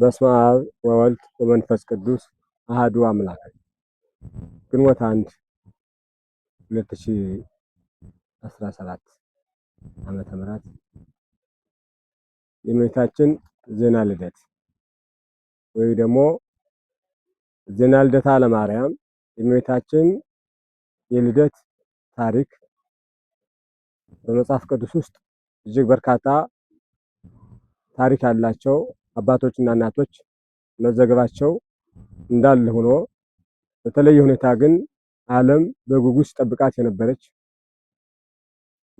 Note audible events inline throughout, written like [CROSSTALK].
በስመ አብ ወወልድ ወመንፈስ ቅዱስ አህዱ አምላክ። ግንቦት አንድ ሁለት ሺ አስራ ሰባት ዓመተ ምሕረት የእመቤታችን ዜና ልደት ወይ ደግሞ ዜና ልደታ ለማርያም የእመቤታችን የልደት ታሪክ በመጽሐፍ ቅዱስ ውስጥ እጅግ በርካታ ታሪክ ያላቸው አባቶችና እናቶች መዘገባቸው እንዳለ ሆኖ በተለየ ሁኔታ ግን ዓለም በጉጉት ሲጠብቃት የነበረች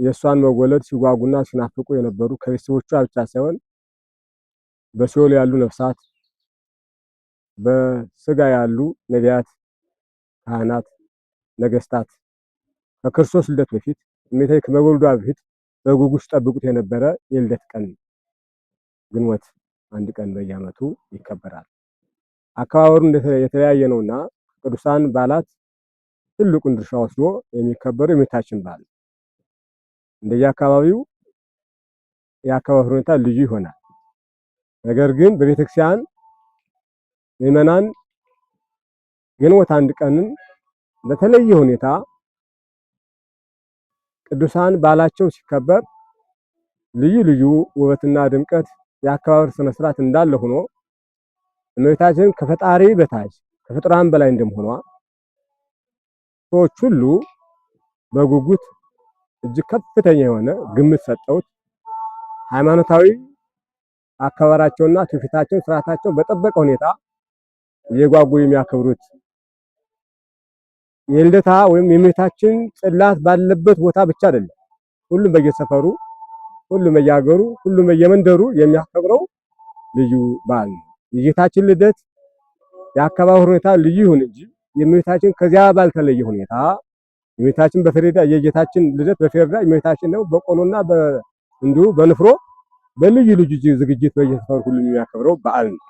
የእሷን መወለድ ሲጓጉና ሲናፍቁ የነበሩ ከቤተሰቦቿ ብቻ ሳይሆን በሲኦል ያሉ ነፍሳት፣ በስጋ ያሉ ነቢያት፣ ካህናት፣ ነገስታት ከክርስቶስ ልደት በፊት እመቤቴ ከመወለዷ በፊት በጉጉት ሲጠብቁት የነበረ የልደት ቀን ግንቦት አንድ ቀን በየዓመቱ ይከበራል። አከባበሩ የተለያየ ነውና ቅዱሳን በዓላት ትልቁን ድርሻ ወስዶ የሚከበሩ የእመቤታችን በዓል እንደየ አካባቢው የአከባበር ሁኔታ ልዩ ይሆናል። ነገር ግን በቤተክርስቲያን ምዕመናን ግንቦት አንድ ቀንን በተለየ ሁኔታ ቅዱሳን በዓላቸው ሲከበር ልዩ ልዩ ውበትና ድምቀት የአከባበር ስነ ስርዓት እንዳለ ሆኖ እመቤታችን ከፈጣሪ በታች ከፍጥራን በላይ እንደመሆኗ ሰዎች ሁሉ በጉጉት እጅግ ከፍተኛ የሆነ ግምት ሰጠውት ሃይማኖታዊ አከባበራቸውና ትውፊታቸው፣ ስርዓታቸው በጠበቀ ሁኔታ እየጓጉ የሚያከብሩት የልደታ ወይም የእመቤታችን ጽላት ባለበት ቦታ ብቻ አይደለም። ሁሉም በየሰፈሩ ሁሉም በየሀገሩ ሁሉም በየመንደሩ የሚያከብረው ልዩ በዓል ነው። የጌታችን ልደት የአካባቢ ሁኔታ ልዩ ይሁን እንጂ የእመቤታችን ከዚያ ባልተለየ ሁኔታ የእመቤታችን በፍሬዳ የጌታችን ልደት በፍሬዳ የእመቤታችን ነው በቆሎና እንዲሁ በንፍሮ በልዩ ልዩ ዝግጅት በየሰፈሩ ሁሉም የሚያከብረው በዓል ነው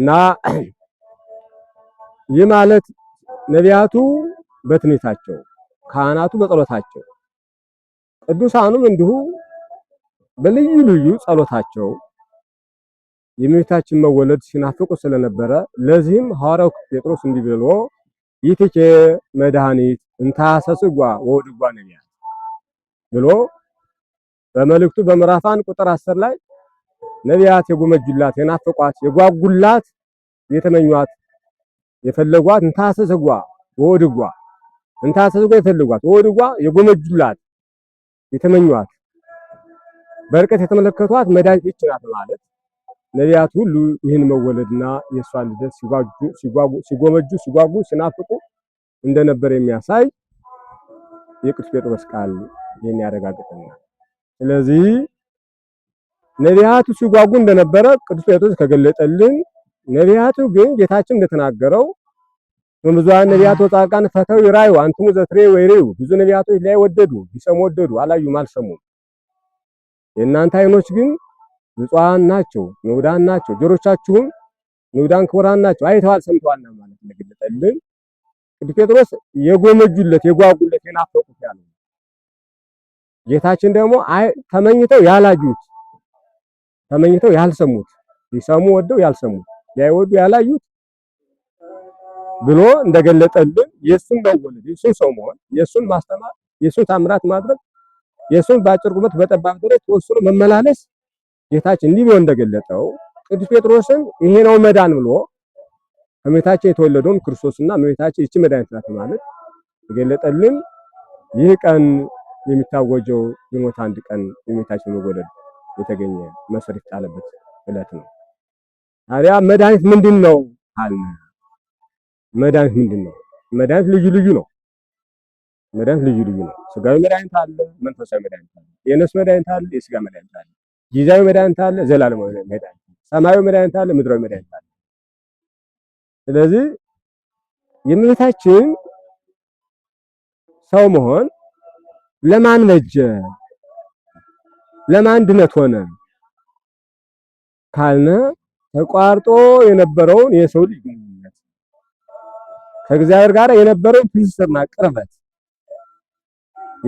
እና [CLEARS THROAT] ይህ ማለት ነቢያቱ በትንቢታቸው ካህናቱ በጸሎታቸው ቅዱሳኑም እንዲሁ በልዩ ልዩ ጸሎታቸው የእመቤታችን መወለድ ሲናፍቁ ስለነበረ ለዚህም ሐዋርያው ጴጥሮስ እንዲህ ብሎ ይትኬ መድኃኒት እንታሰስጓ ወውድጓ ነቢያት ብሎ በመልእክቱ በምዕራፍ አንድ ቁጥር አስር ላይ ነቢያት የጎመጁላት የናፈቋት የጓጉላት የተመኟት የፈለጓት እንታሰስጓ ወውድጓ እንታሰስጓ የፈለጓት ወውድጓ የጎመጁላት የተመኟት በርቀት የተመለከቷት መድኃኒት ይህች ናት ማለት ነቢያት ሁሉ ይህን መወለድና የእሷን ልደት ሲጎመጁ ሲጓጉ ሲናፍቁ እንደነበር የሚያሳይ የቅዱስ ጴጥሮስ ቃል የሚያረጋግጥና ስለዚህ ነቢያቱ ሲጓጉ እንደነበረ ቅዱስ ጴጥሮስ ከገለጠልን ነቢያቱ ግን ጌታችን እንደተናገረው ብዙኃን ነቢያት ወጻድቃን ፈተው ይራዩ አንትሙ ዘትሬ ወይሬው ብዙ ነቢያቶች ላይ ወደዱ ሊሰሙ ወደዱ አላዩም አልሰሙም የእናንተ አይኖች ግን ንጹሐን ናቸው፣ ንዑዳን ናቸው። ጆሮቻችሁም ንዑዳን ክቡራን ናቸው፣ አይተዋል ነው ማለት ነው። ግለጠልን ቅዱስ ጴጥሮስ የጎመጁለት የጓጉለት የናፈቁት ያለው ጌታችን ደግሞ ተመኝተው ያላዩት ተመኝተው ያልሰሙት ሊሰሙ ወደው ያልሰሙት ያይወዱ ያላዩት ብሎ እንደገለጠልን የሱን መወለድ የሱን ሰው መሆን የሱን ማስተማር የሱን ታምራት ማድረግ የሱን በአጭር ቁመት በጠባብ ደረት ወስኖ መመላለስ ጌታችን እንዲህ ብሎ እንደገለጠው ቅዱስ ጴጥሮስም ይሄ ነው መዳን ብሎ ከእመቤታችን የተወለደውን ክርስቶስና እመቤታችን ይቺ መድኃኒት ናት ማለት የገለጠልን ይህ ቀን የሚታወጀው የሞት አንድ ቀን የእመቤታችን መወለድ የተገኘ መሰረት ጣለበት ዕለት ነው። ታዲያ መድኃኒት ምንድን ነው አልን? መድኃኒት ምንድን ነው? መድኃኒት ልዩ ልዩ ነው። መድኃኒት ልዩ ልዩ ነው። ስጋዊ መድኃኒት አለ፣ መንፈሳዊ መድኃኒት አለ፣ የነፍስ መድኃኒት አለ፣ የስጋ መድኃኒት አለ፣ ጊዜያዊ መድኃኒት አለ፣ ዘላለማዊ መድኃኒት አለ፣ ሰማያዊ መድኃኒት አለ፣ ምድራዊ መድኃኒት አለ። ስለዚህ የእመቤታችን ሰው መሆን ለማን በጀ? ለማን ድነት ሆነ ካልነ ተቋርጦ የነበረውን የሰው ልጅ ግንኙነት ከእግዚአብሔር ጋር የነበረውን ትስስርና ቅርበት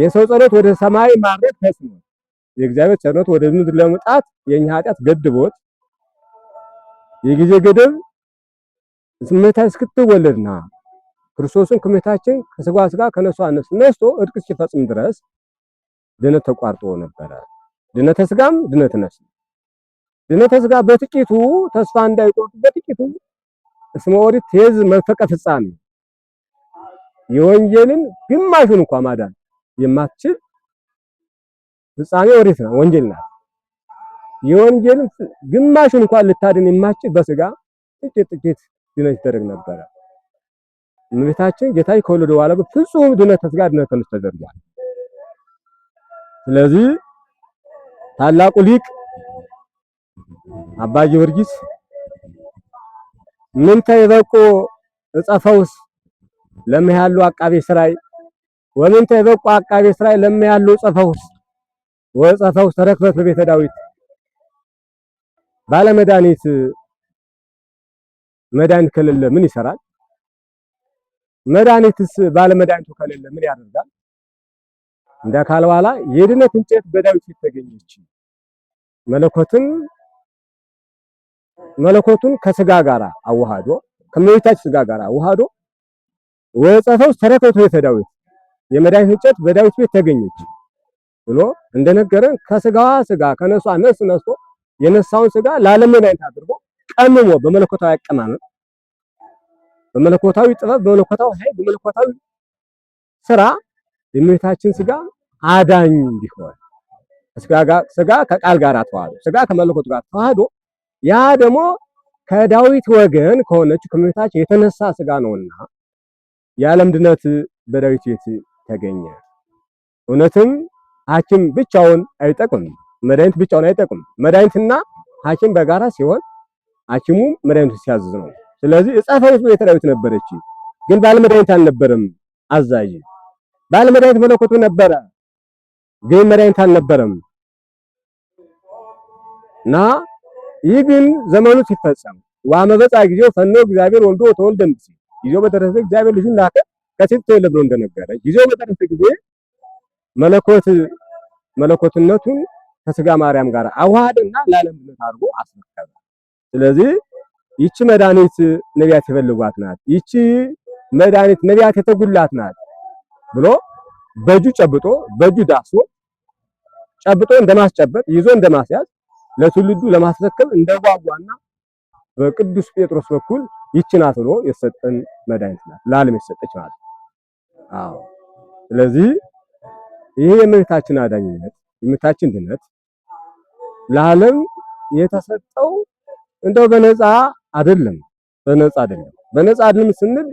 የሰው ጸሎት ወደ ሰማይ ማረግ ተስኖ የእግዚአብሔር ጸሎት ወደ ምድር ለመጣት የኛ ኃጢአት ገድቦት የጊዜ ገደብ ስሜታ እስክትወለድና ክርስቶስን ከመታችን ከስጋ ስጋ ከነሷ ነፍስ ነስቶ እርቅ ሲፈጽም ድረስ ድነት ተቋርጦ ነበረ። ድነተ ስጋም ድነት ነፍስ ድነተ ስጋ በጥቂቱ ተስፋ እንዳይቆርጥ በጥቂቱ እስመ ኦሪት ትዝ መንፈቀ ፍጻሜ የወንጀልን ግማሹን እንኳ ማዳን የማትችል ፍጻሜ ወዴት ነው? ወንጀል ናት። የወንጀል ግማሽ እንኳን ልታድን የማትችል በስጋ ጥቂት ጥቂት ድነት ይደረግ ነበረ። እመቤታችን ጌታ ከወለደ በኋላ ፍጹም ድነት ተስጋ ድነት ተነስቶ ተደርጓል። ስለዚህ ታላቁ ሊቅ አባ ጊዮርጊስ ምንተ ይበቁ እጸ ለምህ ለሚያሉ አቃቤ ስራይ ወምንተ የበቁ አቃቤ እስራኤል ለማ ያለው ጸፈውስ ወጸፈውስ ተረክበት በቤተ ዳዊት ባለመድኃኒት መድኃኒት ከሌለ ምን ይሰራል? መድኃኒትስ ባለመድኃኒቱ ከሌለ ምን ያደርጋል? እንደ ካል በኋላ የድነት እንጨት በዳዊት ፊት ተገኘች። መለኮትን መለኮቱን ከስጋ ጋራ አዋሃዶ ከመቤታችን ስጋ ጋራ አዋሃዶ ወጸፈውስ ተረክበት በቤተ ዳዊት የመድኃኒት እንጨት በዳዊት ቤት ተገኘች ብሎ እንደነገረን ከስጋዋ ስጋ ከነሷ ነስ ነስቶ የነሳውን ስጋ ለዓለም መድኃኒት አድርጎ ቀምሞ በመለኮታዊ አቀማመጥ በመለኮታዊ ጥበብ በመለኮታዊ ኃይል በመለኮታዊ ስራ የእመቤታችን ስጋ አዳኝ እንዲሆን ስጋ ከቃል ጋር ተዋህዶ ስጋ ከመለኮት ጋር ተዋህዶ ያ ደግሞ ከዳዊት ወገን ከሆነች ከእመቤታችን የተነሳ ስጋ ነውና የዓለም ድነት በዳዊት ቤት ተገኘ። እውነትም ሐኪም ብቻውን አይጠቅምም፣ መድኃኒት ብቻውን አይጠቅም። መድኃኒትና ሐኪም በጋራ ሲሆን ሐኪሙ መድኃኒቱ ሲያዝዝ ነው። ስለዚህ የጻፈሪት ቤተ ዳዊት ነበረች፣ ግን ባለመድኃኒት አልነበረም። አዛዥ ባለመድኃኒት መለኮቱ ነበረ፣ ግን መድኃኒት አልነበረም እና ይህ ግን ዘመኑ ሲፈጸም ዋመበፃ ጊዜው ፈኖ እግዚአብሔር ወልዶ ተወልደ እምእሲ ጊዜው በደረሰ እግዚአብሔር ልጁን ላከ። ከሴት ተወለደ ብሎ እንደነገረ ጊዜው በደረሰ ጊዜ መለኮት መለኮትነቱን ከስጋ ማርያም ጋር አዋሃደና ለዓለም ድነት አድርጎ አስረከበ። ስለዚህ ይቺ መድኃኒት ነቢያት የፈልጓት ናት፣ ይቺ መድኃኒት ነቢያት የተጉላት ናት ብሎ በእጁ ጨብጦ በእጁ ዳሶ ጨብጦ እንደማስጨበጥ ይዞ እንደማስያዝ ለትውልዱ ለማስረከብ እንደጓጓና በቅዱስ ጴጥሮስ በኩል ይቺ ናት ብሎ የተሰጠን መድኃኒት ናት፣ ለዓለም የተሰጠች ናት። አዎ። ስለዚህ ይሄ የእመቤታችን አዳኝነት የእመቤታችን ድነት ለዓለም የተሰጠው እንደው በነፃ አይደለም፣ በነፃ አይደለም። በነፃ አይደለም ስንል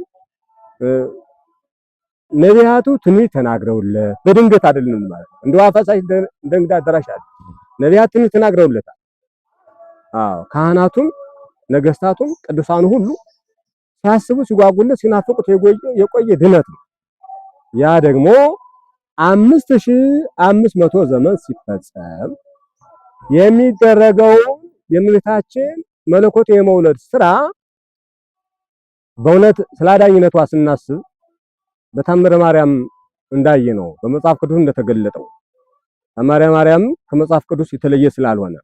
ነቢያቱ ትንቢት ተናግረውለት በድንገት አይደለም ማለት ነው። እንደው አፈሳሽ እንደ እንግዳ አዳራሽ አይደለም። ነቢያት ትንቢት ተናግረውለታል። አዎ ካህናቱም ነገስታቱም ቅዱሳኑ ሁሉ ሲያስቡ ሲጓጉለት ሲናፍቁት የቆየ ድነት ነው። ያ ደግሞ አምስት ሺህ አምስት መቶ ዘመን ሲፈጸም የሚደረገው የእመቤታችን መለኮት የመውለድ ስራ በእውነት ስላዳኝነቷ ስናስብ በታምረ ማርያም እንዳየ ነው። በመጽሐፍ ቅዱስ እንደተገለጠው ታምረ ማርያም ከመጽሐፍ ቅዱስ የተለየ ስላልሆነ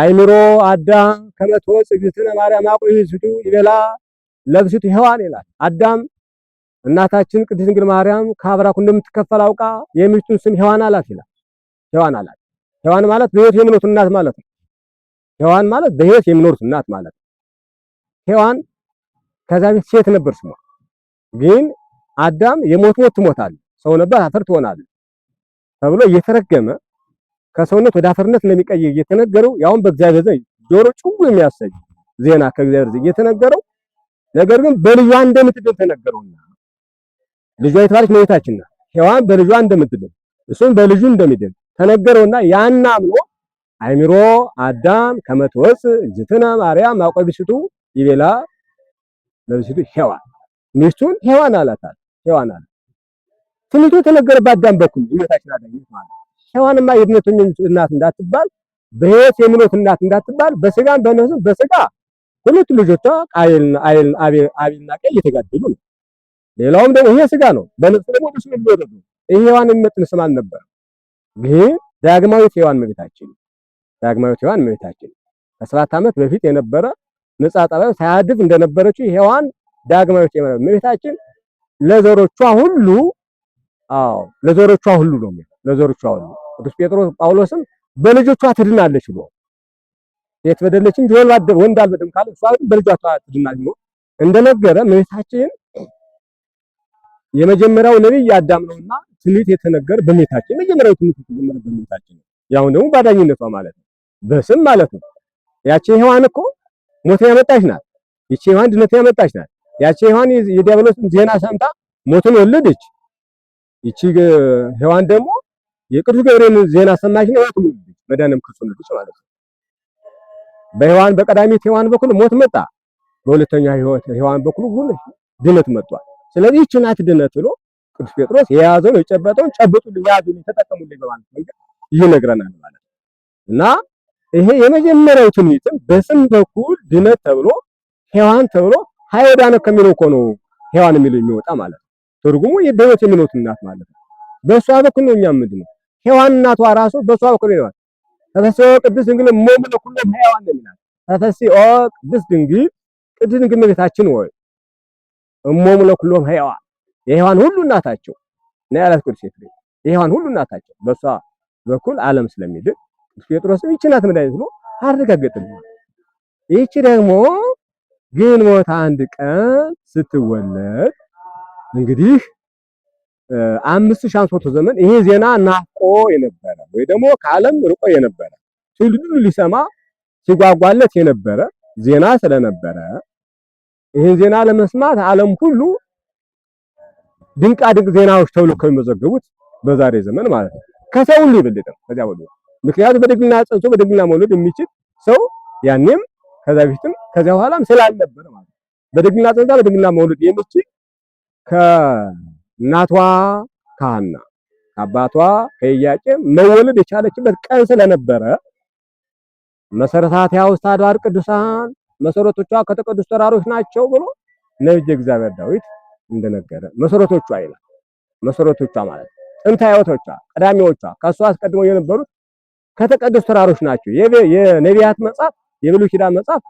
አይምሮ አዳም ከመቶ ጽግዝትነ ማርያም አቁሒ ዝዱ ይበላ ለብሲቱ ሔዋን ይላል። አዳም እናታችን ቅድስት ድንግል ማርያም ከአብራኩ እንደምትከፈል አውቃ የሚስቱን ስም ሔዋን አላት ይላል። ሔዋን አላት። ሔዋን ማለት በሕይወት የሚኖሩት እናት ማለት ነው። ሔዋን ማለት በሕይወት የሚኖሩት እናት ማለት ነው። ሔዋን ከዛ ቤት ሴት ነበር ስሟ። ግን አዳም የሞት ሞት ትሞታል፣ ሰው ነበር አፈር ትሆናል ተብሎ እየተረገመ ከሰውነት ወደ አፈርነት እንደሚቀይር እየተነገረው ያሁን በእግዚአብሔር ዘንድ ጆሮ ጭው የሚያሰኝ ዜና ከእግዚአብሔር ዘንድ እየተነገረው ነገር ግን በልጇ እንደምትድን ተነገረውና ልጇ የተባለች መቤታችን ናት። ሔዋን በልጇ እንደምትድን እሱም በልጁ እንደሚድን ተነገረውና ያን አምኖ አይምሮ አዳም ከመትወፅ እጅትነ ማርያም አቆ ብስቱ ይቤላ ለብስቱ ሔዋን ሚስቱን ሔዋን አላታል ሔዋን አላት ትንቢቱ የተነገረባት አዳም በኩል እመቤታችን አዳም ማለት ሔዋንማ የድነተኞች እናት እንዳትባል፣ በሕይወት የምኖት እናት እንዳትባል በስጋም በነፍስም በስጋ ሁለቱ ልጆቿ ቃየልና አቤልና ቃየል እየተጋደሉ ነው። ሌላውም ደግሞ ይሄ ስጋ ነው። በነፍስ ደግሞ ወደ ሲኦል ይወርዱ። ይሄ ሔዋን የሚመጥን ስም አልነበረም። ግን ዳግማዊት ሔዋን እመቤታችን ዳግማዊት ሔዋን እመቤታችን ከሰባት ዓመት በፊት የነበረ ነጻ ጠባይ ሳያድፍ እንደነበረችው ሔዋን ዳግማዊት እመቤታችን ለዘሮቿ ሁሉ አዎ ለዘሮቿ ሁሉ ነው ለዘሮቿ ሁሉ ቅዱስ ጴጥሮስ ጳውሎስም በልጆቿ ትድናለች ብሎ ሴት በደለች እንጂ ወንድ አልበደለም ካለ እሷ በልጇ ትድናለች ብሎ እንደነገረ እመቤታችን የመጀመሪያው ነቢይ አዳም ነውና ትንቢት የተነገረ በእመቤታችን የመጀመሪያው ትንቢት የተጀመረ በእመቤታችን ያው ደግሞ ባዳኝነቷ ማለት ነው፣ በስም ማለት ነው። ያቺ ሔዋን እኮ ሞትን ያመጣች ናት። ይቺ ሔዋን ድነትን ያመጣች ናት። ያቺ ሔዋን የዲያብሎስን ዜና ሰምታ ሞትን ወለደች። ይቺ ሔዋን ደግሞ የቅዱስ ገብርኤል ዜና ሰማሽ ነው ያቱም መዳንም ክርስቶስ ልጅ ማለት ነው። በሔዋን በቀዳሚት ሔዋን በኩል ሞት መጣ። በሁለተኛ ህይወት ሔዋን በኩል ሁሉ ድነት መጥቷል። ስለዚህ ይህች ናት ድነት ብሎ ቅዱስ ጴጥሮስ የያዘውን የጨበጠውን ጨብጡልኝ፣ ያዙልኝ፣ ተጠቀሙልኝ በማለት መንገድ ይነግረናል ማለት ነው እና ይሄ የመጀመሪያው ትንቢትም በስም በኩል ድነት ተብሎ ሔዋን ተብሎ ሀይዳነ ከሚለው እኮ ነው ሔዋን የሚለው የሚወጣ ማለት ነው። ትርጉሙ የበበት የሚኖት እናት ማለት ነው። በእሷ በኩል ነው እኛ ምንድነው ሔዋን እናቷ ራሱ በሷ በኩል ይለዋል ተፈስሒ ቅዱስ ድንግል እሞሙ ለኵሎ በሕያዋን ይላል። የሚላት። ተፈስሒ ቅዱስ ድንግል ቅድስት ድንግል እመቤታችን ወይ እሞሙ ለኵሎ በሕያዋን የሔዋን ሁሉ እናታቸው ነው ያላት ቅዱስ ኤፍሬም። የሔዋን ሁሉ እናታቸው በሷ በኩል ዓለም ስለሚድን ቅዱስ ጴጥሮስም ይህች ናት መድኃኒት ብሎ አረጋገጠልን። ይህች ደግሞ ግንቦት አንድ ቀን ስትወለድ እንግዲህ አምስት ሺህ አንድ ዘመን ይሄ ዜና ናፍቆ የነበረ ወይ ደግሞ ከዓለም ርቆ የነበረ ትውልዱ ሊሰማ ሲጓጓለት የነበረ ዜና ስለነበረ ይህን ዜና ለመስማት ዓለም ሁሉ ድንቃ ድንቅ ዜናዎች ተብሎ ከሚመዘገቡት በዛሬ ዘመን ማለት ነው ከሰው ሁሉ ይበልጥ ከዚያ ወዲህ ምክንያቱም በድንግልና ጸንቶ በድንግልና መውለድ የሚችል ሰው ያኔም ከዛ በፊትም ከዚያ በኋላም ስላልነበረ ማለት ነው። በድንግልና ጸንታ በድንግልና መውለድ የሚችል ከ እናቷ ከሐና ከአባቷ ከኢያቄም መወለድ የቻለችበት ቀን ስለነበረ መሰረታት ውስተ አድባር ቅዱሳን መሰረቶቿ ከተቀደሱ ተራሮች ናቸው ብሎ ነብይ እግዚአብሔር ዳዊት እንደነገረ መሰረቶቿ ይላል። መሰረቶቿ ማለት ጥንታዊዎቿ፣ ቀዳሚዎቿ ከሷ አስቀድሞ የነበሩት ከተቀደሱ ተራሮች ናቸው። የነቢያት መጽሐፍ፣ የብሉይ ኪዳን መጽሐፍ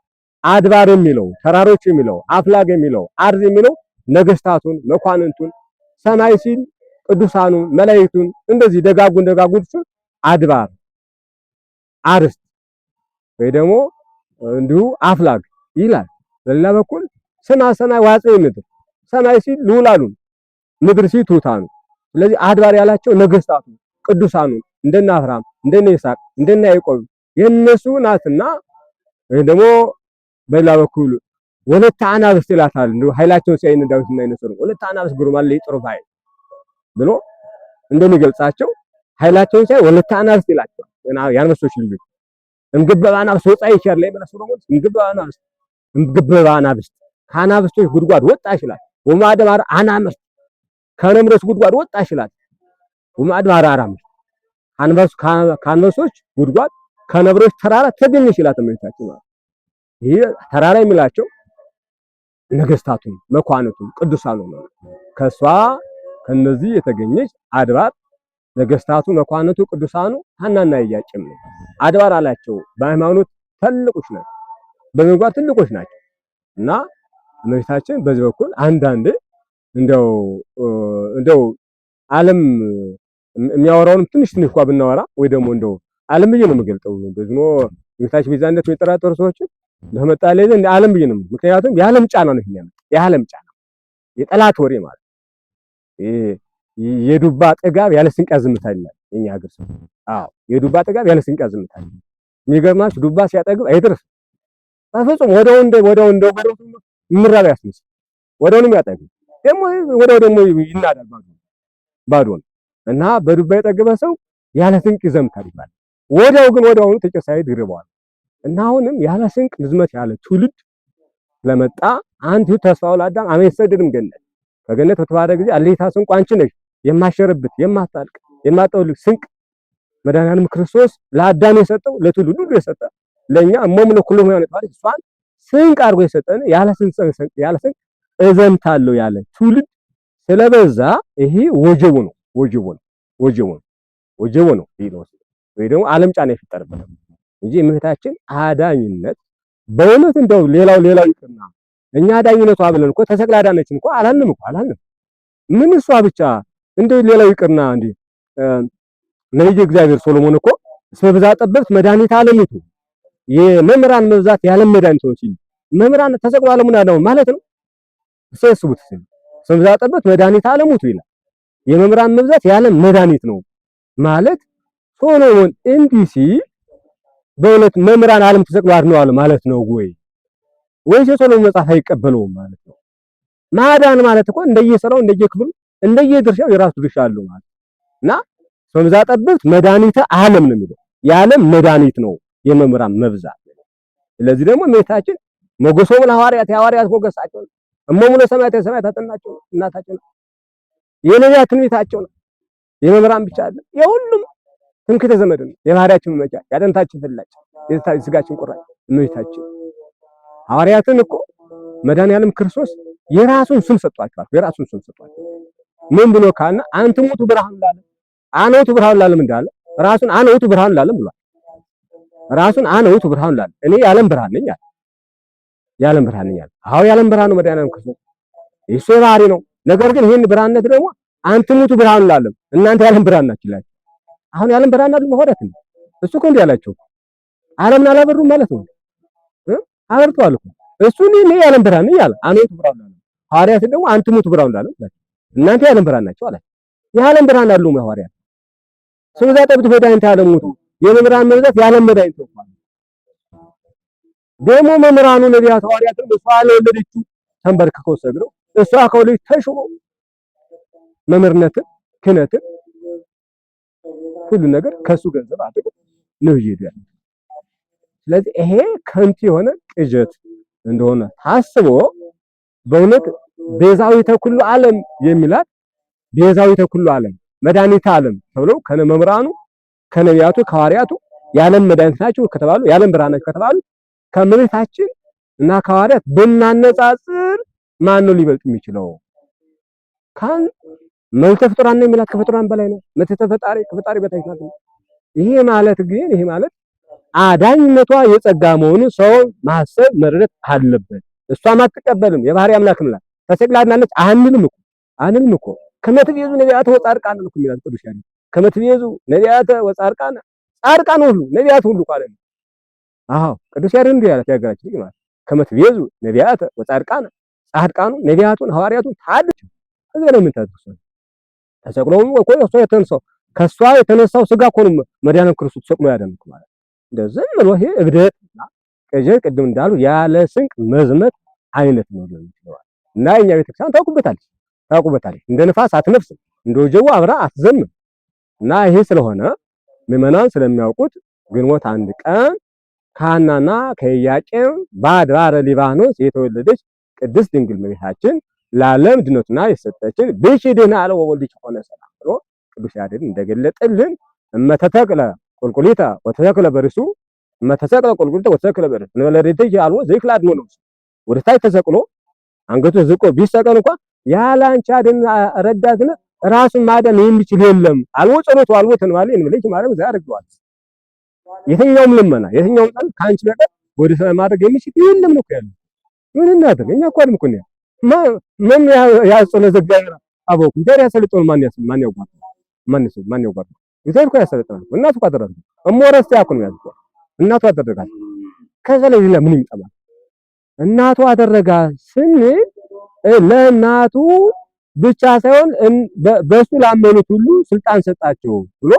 አድባር የሚለው ተራሮች የሚለው አፍላግ የሚለው አርዝ የሚለው ነገስታቱን መኳንንቱን ሰማይ ሲል ቅዱሳኑ መላእክቱን እንደዚህ ደጋጉን ደጋጉን አድባር አርስት ወይ ደግሞ እንዲሁ አፍላግ ይላል። በሌላ በኩል ስማ ሰማይ ዋጽእ ምድር ሰማይ ሲል ልውላሉ ምድር ሲል ትሑታኑ። ስለዚህ አድባር ያላቸው ነገስታቱ ቅዱሳኑ እንደነ አብርሃም እንደነ ይስሐቅ እንደነ ያዕቆብ የነሱ ናትና፣ ወይ ደግሞ በሌላ በኩል ወለተ አናብስት ይላታል። ኃይላቸውን ሲያይ ዳዊት ወለተ ባይ ብሎ እንደሚገልጻቸው ኃይላቸውን ሲያይ ወለተ ያንበሶች እምግበባ ወጣ ይቻል ላይ እምግበባ እምግበባ ከአናብስቶች ጉድጓድ ወጣ ይችላል። ጉድጓድ ወጣ ይችላል። ጉድጓድ ከነብሮች ተራራ ተመልካችሁ ይሄ ተራራ የሚላቸው ነገስታቱም መኳንቱም ቅዱሳኑ ነው። ከሷ ከነዚህ የተገኘች አድባር ነገስታቱ መኳንቱ ቅዱሳኑ ሐናና ኢያቄም ነው። አድባር አላቸው በሃይማኖት ትልቆች ናቸው፣ በምግባር ትልቆች ናቸው እና እመቤታችን በዚህ በኩል አንዳንድ እንደው እንደው ዓለም የሚያወራውንም ትንሽ ትንሽ እንኳ ብናወራ ወይ ደግሞ እንደው ዓለም ብዬ ነው የምገልጠው። በዝኖ እመቤታችን ቤዛነት የጠራጠሩ ሰዎችን በመጣ ጣሊያን እንደ ዓለም ብዬ ነው። ምክንያቱም የዓለም ጫና ነው ይሄኛል፣ የዓለም ጫና የጠላት ወሬ ማለት የዱባ ጥጋብ ያለ ስንቅ ያዝምታል ይላል የኛ ሀገር ሰው። አዎ የዱባ ጥጋብ ያለ ስንቅ ያዝምታል። የሚገርማችሁ ዱባ ሲያጠግብ አይደርስም በፍጹም። ወደው እንደ ወደው እንደ ወደው ምራብ ያስነሳ ወደውንም ያጠግብ ደግሞ ወደው ደግሞ ይናዳል ባዶ ባዶ ነው እና በዱባ የጠገበ ሰው ያለ ስንቅ ይዘምታል ይባላል። ወደው ግን ወደው ተጨሳይ ይድርበዋል እና አሁንም ያለ ስንቅ ርዝመት ያለ ትውልድ ለመጣ አንድ ተስፋው ለአዳም አመሰደድም ገነት ከገነት በተባረ ጊዜ አለይታ ስንቁ አንቺ ነሽ የማሸርብት የማታልቅ የማጠውልቅ ስንቅ መድኃኒዓለም ክርስቶስ ለአዳም የሰጠው ለትውልድ ሁሉ የሰጠ ለኛ እሞም ለኩሉ ነው ማለት እሷን ስንቅ አድርጎ የሰጠን ያለ ስንቅ ያለ ስንቅ እዘምታለሁ ያለ ትውልድ ስለበዛ ይሄ ወጀቡ ነው ወጀቡ ነው ወጀቡ ነው ወጀቡ ነው ይሄ ነው ወይ ደግሞ ዓለም ጫና የፈጠረበት እንጂ እመቤታችን አዳኝነት በእውነት እንደው ሌላው ሌላው ይቅርና እኛ አዳኝነቷ ብለን እኮ ተሰቅላ አዳነችን እኮ አላልንም እኮ አላልንም። ምን እሷ ብቻ እንደው ሌላው ይቅርና እንዴ ነቢየ እግዚአብሔር ሶሎሞን እኮ እስመ ብዛት ጠበብት መድኃኒተ ዓለሚቱ የመምህራን መብዛት ያለም መድኃኒት ነው ሲል መምህራን ተሰቅሎ ዓለሙን አዳነው ማለት ነው። ሰስቡት ሲል እስመ ብዛት ጠበብት መድኃኒተ ዓለሙቱ ይላል። የመምህራን መብዛት ያለም መድኃኒት ነው ማለት ሶሎሞን እንዲህ ሲል በእውነት መምህራን ዓለም ተሰቅሎ አድነዋል ማለት ነው ወይ? ወይስ የሰሎሞን መጽሐፍ አይቀበለውም ማለት ነው? ማዳን ማለት እኮ እንደየስራው እንደየክፍሉ እንደየድርሻው የራሱ ድርሻ አለው ማለት እና ሰምዛ ጠብብት መድኃኒተ ዓለም ነው የሚለው የዓለም መድኃኒት ነው የመምህራን መብዛት። ስለዚህ ደግሞ ሜታችን ሞገሶም ለሐዋርያት የሐዋርያት ሞገሳቸው ነው። እሞሙነ ሰማያት የሰማያት እናታቸው ነው። የነቢያት ትንቢታቸው ነው። የመምህራን ብቻ አይደለም የሁሉም ትምክህተ ዘመድ ነው። የባህሪያችን መመኪያ ያጥንታችን ፍላጭ የስጋችን ቁራጭ እመቤታችን። ሐዋርያትን እኮ መድኃኔዓለም ክርስቶስ የራሱን ስም ሰጧቸዋል። የራሱን ስም ሰጧቸው ምን ብሎ አንተ ሙቱ ብርሃን ላለ አነውቱ ብርሃን ላለም እንዳለ ራሱን አነውቱ ብርሃን ላለም ብሏል። ራሱን አነውቱ ብርሃን ላለ እኔ የዓለም ብርሃን ነኝ አለ። የዓለም ብርሃን ነኝ አለ። አዎ የዓለም ብርሃን ነው መድኃኔዓለም ክርስቶስ እሱ ባህሪ ነው። ነገር ግን ይህን ብርሃንነት ደግሞ አንተ ሙቱ ብርሃን ላለም እናንተ የዓለም ብርሃን ናችሁ ይላል። አሁን የዓለም ብርሃን አሉ መሆረት ነው። እሱ እኮ እንዲህ ያላቸው ዓለምን አላበሩም ማለት ነው። አበርተዋል እኮ እሱ እኔ የዓለም ብርሃን ነኝ አለ። አንቱ ብርሃን አለ። ሐዋርያት ደግሞ አንትሙት ብርሃን አለ። እናንተ የዓለም ብርሃን ናቸው አለ። የዓለም ብርሃን አሉ ሐዋርያት ስብዛ ጠብት መድኃኒተ ዓለም ሙቱ የመምህራን መብዛት የዓለም መድኃኒት ነው። ደግሞ መምህራኑ ነቢያት፣ ሐዋርያትን እሷ ለወለደችው ተንበርክከው ሰግደው እሷ ከወለደች ተሹሞ መምህርነትን ክህነትን ሁሉ ነገር ከሱ ገንዘብ አድርጎ ነው እየሄዱ ስለዚህ ይሄ ከንቱ የሆነ ቅዠት እንደሆነ ታስቦ በእውነት ቤዛዊተ ኩሉ ዓለም የሚላት ቤዛዊተ ኩሉ ዓለም መድኃኒተ ዓለም ተብለው ከነ መምህራኑ ከነቢያቱ ከሐዋርያቱ የዓለም መድኃኒት ናቸው ከተባሉ የዓለም ብርሃን ናቸው ከተባሉ ከመቤታችን እና ከሐዋርያት ብናነጻጽር ማን ነው ሊበልጥ የሚችለው? መልዕልተ ፍጡራን ነው የሚላት ከፍጡራን በላይ ነው። ምትሕተ ተፈጣሪ ከፈጣሪ በታች ናት። ይሄ ማለት ግን ይሄ ማለት አዳኝነቷ የጸጋ መሆኑን ሰው ማሰብ መረዳት አለበት። እሷም አትቀበልም። የባህሪ አምላክ ምላት ተሰቅላናለች አንልም እኮ አንልም እኮ ከመትቤዙ ነቢያት ወጻድቃን ነው የሚላት ቅዱስ ያሬድ። ከመትቤዙ ነቢያት ወጻድቃን ጻድቃን ሁሉ ነቢያት ሁሉ ቃል ነው። አዎ ቅዱስ ያሬድ እንዲህ ያላት ያገራችሁ ማለት ከመትቤዙ ነቢያት ወጻድቃን ጻድቃኑ ነቢያቱን ሐዋርያቱን ታድሱ እዛ ነው ምን ታድሱ ተሰቅሎም እኮ እሷ የተነሳው ከእሷ የተነሳው ስጋ እኮ ነው መድኃኒተ ክርስቶስ ተሰቅሎ ያደምኩ ማለት እንደዚህ ምሎ ይሄ እብደት ቅዠት ቅድም እንዳሉ ያለ ስንቅ መዝመት አይነት ነው ሊሆን ይችላል። እና የኛ ቤተክርስቲያን ታውቁበታለች ታውቁበታለች እንደ ንፋስ አትነፍስም፣ እንደ ወጀቡ አብራ አትዘምም። እና ይሄ ስለሆነ ምዕመናን ስለሚያውቁት ግንቦት አንድ ቀን ከሐናና ከኢያቄም በአድባረ ሊባኖስ የተወለደች ቅድስት ድንግል እመቤታችን ለዓለም ድነትና የሰጠችን ብእሲ አለ ወወልድኪ ኮነ ሰላም ብሎ ቅዱስ ያሬድ እንደገለጠልን እመተተቅለ ቁልቁሊታ ወተተክለ በርሱ እመተሰቅለ ቁልቁሊታ ወተተክለ በርሱ ንበለሬቴ አልቦ ዘይክል አድኖ ነው ወደ ታች ተሰቅሎ አንገቱ ዝቆ ቢሰቀል እንኳ ያለ አንቺ አድን ረዳትነ ራሱን ማዳን የሚችል የለም። አልቦ ጸሎቱ አልቦ ተንባለ እንብለሽ ማረም አድርገዋል። የትኛውም ልመና የትኛውም ቃል ከአንቺ በቀር ወደ ሰማይ ማድረግ የሚችል የለም ነው ያለው። ምን እናድርግ እኛ እኮ አድምኩን መም ያጾነ ዘጋራ አቦኩ ዳር ያሰልጦን ማን ያስ ማን ያውቃል ማን ነው ማን ያውቃል ይዘይብ ከ ያሰልጣን እናቱ ካደረገ እሞረስ ያኩን ያዝ እናቱ አደረጋት ከዛ ላይ ሌላ ምን ይጠማል እናቱ አደረጋት ስንል ለእናቱ ብቻ ሳይሆን በሱ ላመኑት ሁሉ ስልጣን ሰጣቸው ብሎ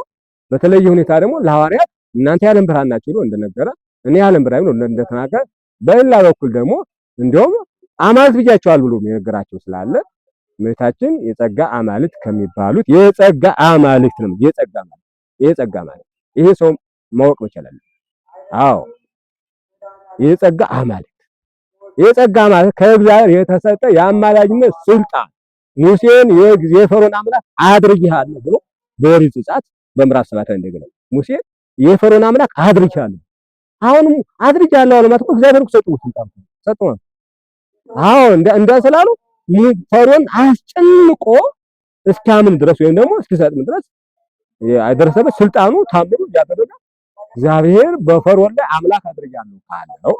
በተለየ ሁኔታ ደግሞ ለሐዋርያት እናንተ የዓለም ብርሃን ናችሁ ብሎ እንደነገረ እኔ የዓለም ብርሃን ነው እንደተናገረ በሌላ በኩል ደግሞ እንዲያውም አማልት ብያቸዋል ብሎ የነገራቸው ስላለ እመቤታችን የጸጋ አማልት ከሚባሉት የጸጋ አማልክት ነው። የጸጋ ማለት የጸጋ ማለት ይሄ ሰው ማወቅ ይችላል። አዎ የጸጋ አማልክት የጸጋ ማለት ከእግዚአብሔር የተሰጠ የአማላጅነት ስልጣን ሙሴን የፈርዖን አምላክ አድርጌሃለሁ ብሎ በኦሪት ዘጸአት በምዕራፍ ሰባት ላይ እንደገና ሙሴን የፈርዖን አምላክ አድርጌሃለሁ አሁንም አድርጌሃለሁ አለማት እኮ እግዚአብሔር ሰጠው ስልጣን ሰጠው አዎ እንደ እንደ ስላሉ ፈርዖን አስጨንቆ እስኪያምን ድረስ ወይም ደግሞ እስኪሰጥም ድረስ አይደረሰበት ስልጣኑ ታምሩ እያደረገ እግዚአብሔር በፈርዖን ላይ አምላክ አድርጋለሁ ካለው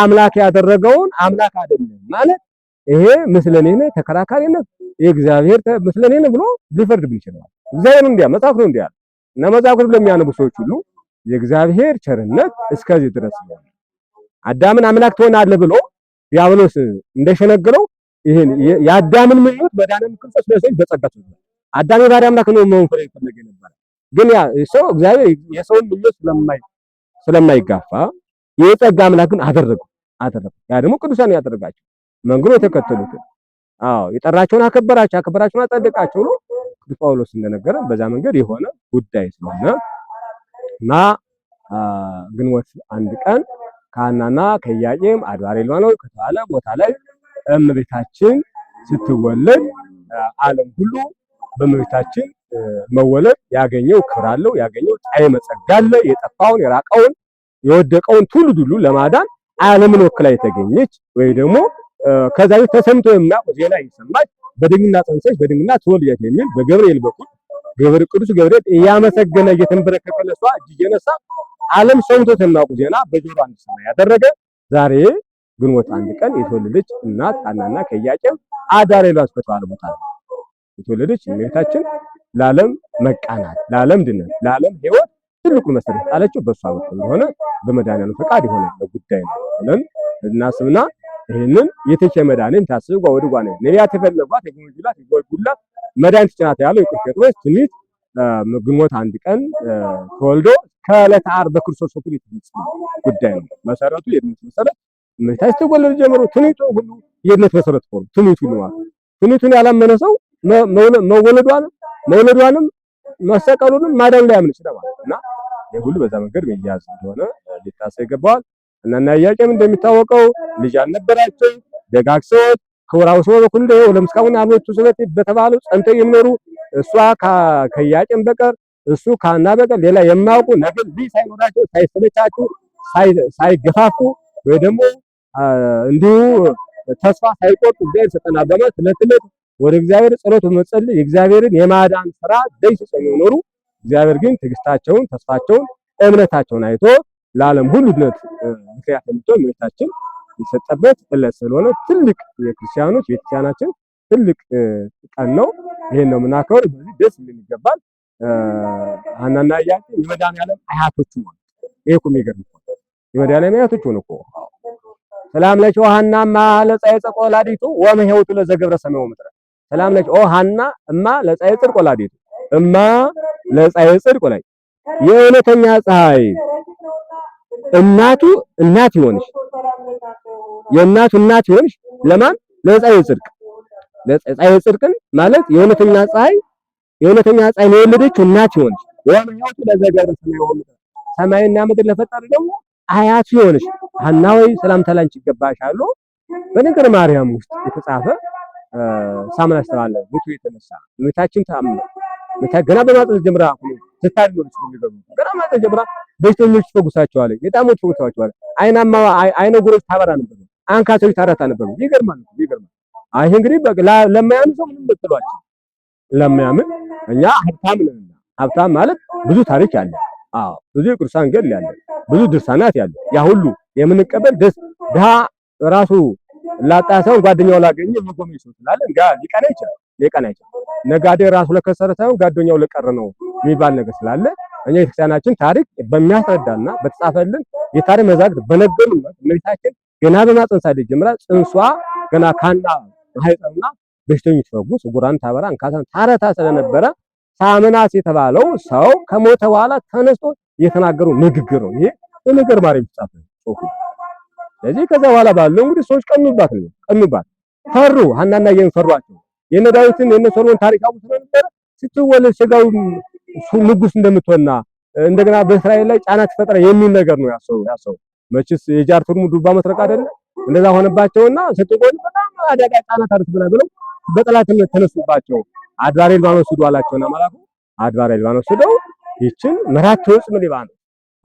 አምላክ ያደረገውን አምላክ አይደለም ማለት ይሄ ምስለኔ ነው፣ ተከራካሪነት የእግዚአብሔር ምስለኔ ነው ብሎ ሊፈርድብን ይችላል። እግዚአብሔር እንዲያ መጽሐፍ ነው እንዲያ እና መጽሐፍ ለሚያነቡ ሰዎች ሁሉ የእግዚአብሔር ቸርነት እስከዚህ ድረስ ነው። አዳምን አምላክ ትሆናለህ ብሎ ዲያብሎስ እንደሸነገለው ይሄን የአዳምን ምኞት በአዳም ክርስቶስ ለሰው በጸጋት ነው። አዳም የባህሪ አምላክ ነው መሆን ፍሬ ፈለገ ነበር። ግን ያ ሰው እግዚአብሔር የሰውን ምኞት ስለማይ ስለማይጋፋ የጸጋ አምላክ ግን አደረገ አደረገ። ያ ደግሞ ቅዱሳን ያደረጋቸው መንገዱ የተከተሉት አዎ የጠራቸውን አከበራቸው፣ አከበራቸውን አጸደቃቸው ነው ቅዱስ ጳውሎስ እንደነገረ በዛ መንገድ የሆነ ጉዳይ ስለሆነ እና ግንቦት አንድ ቀን ከአናና ከኢያቄም አድባረ ሊባኖስ ከተባለ ቦታ ላይ እመቤታችን ስትወለድ ዓለም ሁሉ በእመቤታችን መወለድ ያገኘው ክብር አለው፣ ያገኘው ጣዕመ ጸጋ አለ። የጠፋውን የራቀውን የወደቀውን ትውልድ ሁሉ ለማዳን ዓለምን ወክላ የተገኘች ወይ ደግሞ ከዛ ተሰምቶ የማያውቅ ዜና ይሰማች በድግና ጸንሰች በድንግና ትወልጃለሽ የሚል በገብርኤል በኩል ገብር ቅዱስ ገብርኤል እያመሰገነ እየተንበረከከ ለሷ እጅ እየነሳ ዓለም ሰምቶት የማያውቅ ዜና በጆሮ እንዲሰማ ያደረገ ዛሬ ግንቦት አንድ ቀን የተወለደች እናት ሐናና ከኢያቄም አዳር የሏት ከተባለ ቦታ የተወለደች እመቤታችን ለዓለም መቃናት፣ ለዓለም ድነት፣ ለዓለም ሕይወት ትልቁን መሰረት ጣለችው በእሷ በኩል እንደሆነ በመድኃኒዓለም ፈቃድ የሆነ ጉዳይ ነው ብለን እናስብና ይህንን የተቸ መድኃኒት ታስብ ጓወድ ጓነ ነቢያት የፈለጓት የጎመጁላት የጓጉላት መድኃኒት ጭናት ያለው የቅዱስ ጴጥሮስ ትንቢት ግንቦት አንድ ቀን ተወልዶ ከዕለተ ዓርብ በክርስቶስ በኩል የተፈጸመ ጉዳይ ነው። መሰረቱ የእምነት መሰረት እመቤታችን ስትወለድ ጀምሮ ትንቢቱ ሁሉ የእምነት መሰረት ሆኖ ትንቢቱ ነው። ማለት ትንቢቱን ያላመነ ሰው መወለዷንም መውለዷንም መሰቀሉንም ማዳን ላይ ያምን ይችላል ማለት እና የሁሉ በዛ መንገድ መያዝ እንደሆነ ሊታሰብ ይገባዋል። እና እና ኢያቄም እንደሚታወቀው ልጅ አልነበራቸው ደጋግ ሰዎች ክቡራውስ ደው ለምስካሁን አብሮቹ ስለት በተባለው ጸንተው የሚኖሩ እሷ ከያጭን በቀር እሱ ካና በቀር ሌላ የማያውቁ ነገር ልጅ ሳይኖራቸው ሳይሰለቻቸው ሳይገፋፉ ወይ ደግሞ እንዲሁ ተስፋ ሳይቆርጡ እግዚአብሔር ይሰጠናል በማለት ዕለት ዕለት ወደ እግዚአብሔር ጸሎት በመጸለይ የእግዚአብሔርን የማዳን ስራ ደይ ሲሰኙ እግዚአብሔር ግን ትዕግስታቸውን፣ ተስፋቸውን፣ እምነታቸውን አይቶ ለዓለም ሁሉ ድነት ምክንያት የምትሆን እምነታችን የሰጠበት ዕለት ስለሆነ ትልቅ የክርስቲያኖች ቤተክርስቲያናችን ትልቅ ቀን ነው። ይሄን ነው የምናከብር። በዚህ ደስ ሊል ይገባል። ሐናና ኢያቄም የመድኃኒዓለም አያቶች ሆኑ። ይሄ እኮ የሚገርም እኮ የመድኃኒዓለም አያቶች ሆኑ እኮ ሰላም ለች ኦ ሐና እማ ለፀሐይ ጽድቅ ወላዲቱ ወመሕይወቱ ለዘገብረ ሰማይ ወምድረ። ሰላም ለች ኦ ሐና እማ ለጻይ ጽድቅ ወላዲቱ እማ ለጻይ ጽድቅ ወላዲቱ የእውነተኛ ፀሐይ እናቱ እናት ይሆንሽ የእናቱ እናት ይሆንሽ ለማን ለጻይ ጽድቅ ፀሐይ ጽድቅን ማለት የእውነተኛ ፀሐይ የእውነተኛ ፀሐይ የወለደች እናት ይሆንሽ ወምኛቱ ለዘገር ሰማይና ምድር ለፈጠረ ደግሞ አያቱ ይሆንሽ ሐና ወይ ሰላምታ ላንቺ ይገባሻል አሉ። በነገር ማርያም ውስጥ የተጻፈ ሳምና አስተባለ ቤቱ የተነሳ ቤታችን ታምነ ገና በማጠዝ ጀምራ ስታድ ነው የሚገቡ ገና ማጠዝ ጀምራ በሽተኞች ትፈጉሳቸዋለች፣ የጣሞች ትፈጉሳቸዋለች። አይናማ አይነ ጉሮች ታበራ ነበር፣ አንካሶች ታራታ ነበር። ይገርማል ይገርማል። አይህ እንግዲህ ለማያምን ሰው ምንም ብትሏቸው ለማያምን እኛ ሀብታም ነን። ሀብታም ማለት ብዙ ታሪክ ያለ፣ አዎ ብዙ የቅዱሳን ገድል ያለ፣ ብዙ ድርሳናት ያለ፣ ያ ሁሉ የምንቀበል ደስ ድሃ ራሱ ላጣ ሳይሆን ጓደኛው ላገኘ ይሰው ይችላል። እንጋ ሊቀና ይችላል፣ ሊቀና ይችላል። ነጋዴ ራሱ ለከሰረ ሳይሆን ጓደኛው ለቀረ ነው የሚባል ነገር ስላለ እኛ የቤተክርስቲያናችን ታሪክ በሚያስረዳና በተጻፈልን የታሪክ መዛግብት በነገሩን እመቤታችን ገና በማፀንሳ ጀምራ ጽንሷ ገና ካና ሀይጠማ በሽተኞች ፈወሰ። ጉራን ታበራ አንካሳን ታረታ ስለነበረ ሳምናስ የተባለው ሰው ከሞተ በኋላ ተነስቶ የተናገሩ ንግግር ነው። ይሄ በነገር ማርያም የተጻፈ ጽሑፍ። ስለዚህ ከዛ በኋላ ባለው እንግዲህ ሰዎች ቀኑባት ነው ቀኑባት፣ ፈሩ። ሐናና ኢያሱን ፈሯቸው። የነ ዳዊትን የነ ሶሎሞን ታሪክ አቡ ስለነበረ ስትወለድ ስጋው ንጉስ እንደምትሆንና እንደገና በእስራኤል ላይ ጫና ትፈጥራ የሚል ነገር ነው ያሰው ያሰው መቼስ የጃርቱም ዱባ መስረቅ አይደለም እንደዛ ሆነባቸውና ስትቆይ በጣም አደጋ ጫናት ታርስ ብላ ብለው በጠላትነት ተነሱባቸው። አድባሬ ሊባኖስ ሂዱ አላቸውና መላኩ አድባሬ ሊባኖስ ሂደው ይችን ምራት ተወጽም ሊባኖስ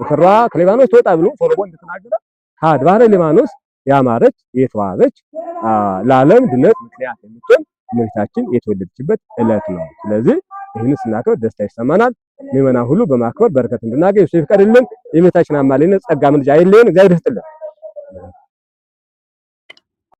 ወፈራ ከሊባኖስ ተወጣ ብሎ ሶሎሞን እንደተናገረ ከአድባሬ ሊባኖስ ያማረች የተዋበች ለዓለም ድነት ምክንያት የምትሆን እመቤታችን የተወለደችበት ዕለት ነው። ስለዚህ ይህን ስናከብር ደስታ ይሰማናል። ምዕመናን ሁሉ በማክበር በረከት እንድናገኝ እሱ ይፍቀድልን። የእመቤታችን አማላጅነት ጸጋ ምልጃ አይለየን። እግዚአብሔር ይስጥልን።